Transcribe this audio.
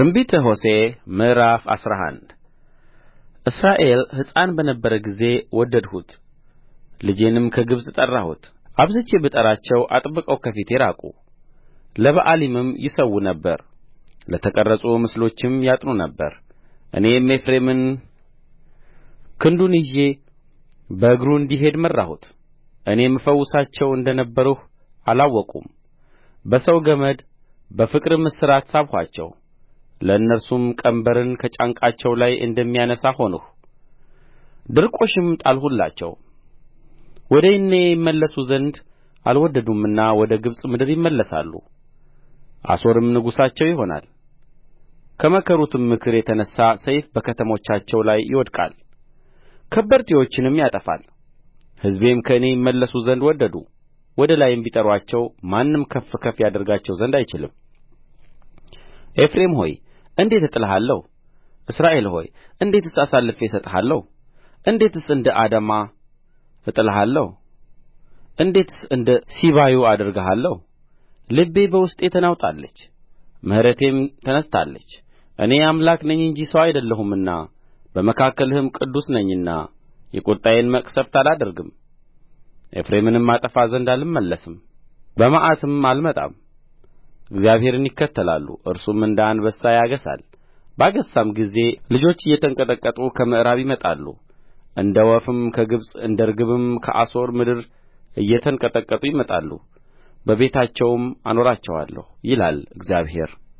ትንቢተ ሆሴዕ ምዕራፍ አስራ አንድ እስራኤል ሕፃን በነበረ ጊዜ ወደድሁት ልጄንም ከግብጽ ጠራሁት አብዝቼ ብጠራቸው አጥብቀው ከፊቴ ራቁ ለበኣሊምም ይሠዉ ነበር ለተቀረጹ ምስሎችም ያጥኑ ነበር እኔም ኤፍሬምን ክንዱን ይዤ በእግሩ እንዲሄድ መራሁት እኔም እፈውሳቸው እንደ ነበርሁ አላወቁም በሰው ገመድ በፍቅርም እስራት ሳብኋቸው ለእነርሱም ቀንበርን ከጫንቃቸው ላይ እንደሚያነሣ ሆንሁ ድርቆሽም ጣልሁላቸው ወደ እኔ ይመለሱ ዘንድ አልወደዱምና ወደ ግብጽ ምድር ይመለሳሉ አሦርም ንጉሣቸው ይሆናል ከመከሩትም ምክር የተነሣ ሰይፍ በከተሞቻቸው ላይ ይወድቃል ከበርቴዎችንም ያጠፋል ሕዝቤም ከእኔ ይመለሱ ዘንድ ወደዱ ወደ ላይም ቢጠሩአቸው ማንም ከፍ ከፍ ያደርጋቸው ዘንድ አይችልም ኤፍሬም ሆይ እንዴት እጥልሃለሁ እስራኤል ሆይ እንዴትስ አሳልፌ እሰጥሃለሁ እንዴትስ እንደ አዳማ እጥልሃለሁ እንዴትስ እንደ ሲባዮ አደርግሃለሁ ልቤ በውስጤ ተናውጣለች ምሕረቴም ተነሥታለች እኔ አምላክ ነኝ እንጂ ሰው አይደለሁምና በመካከልህም ቅዱስ ነኝና የቍጣዬን መቅሠፍት አላደርግም ኤፍሬምንም አጠፋ ዘንድ አልመለስም በመዓትም አልመጣም እግዚአብሔርን ይከተላሉ እርሱም እንደ አንበሳ ያገሣል ባገሣም ጊዜ ልጆች እየተንቀጠቀጡ ከምዕራብ ይመጣሉ እንደ ወፍም ከግብጽ እንደ ርግብም ከአሦር ምድር እየተንቀጠቀጡ ይመጣሉ በቤታቸውም አኖራቸዋለሁ ይላል እግዚአብሔር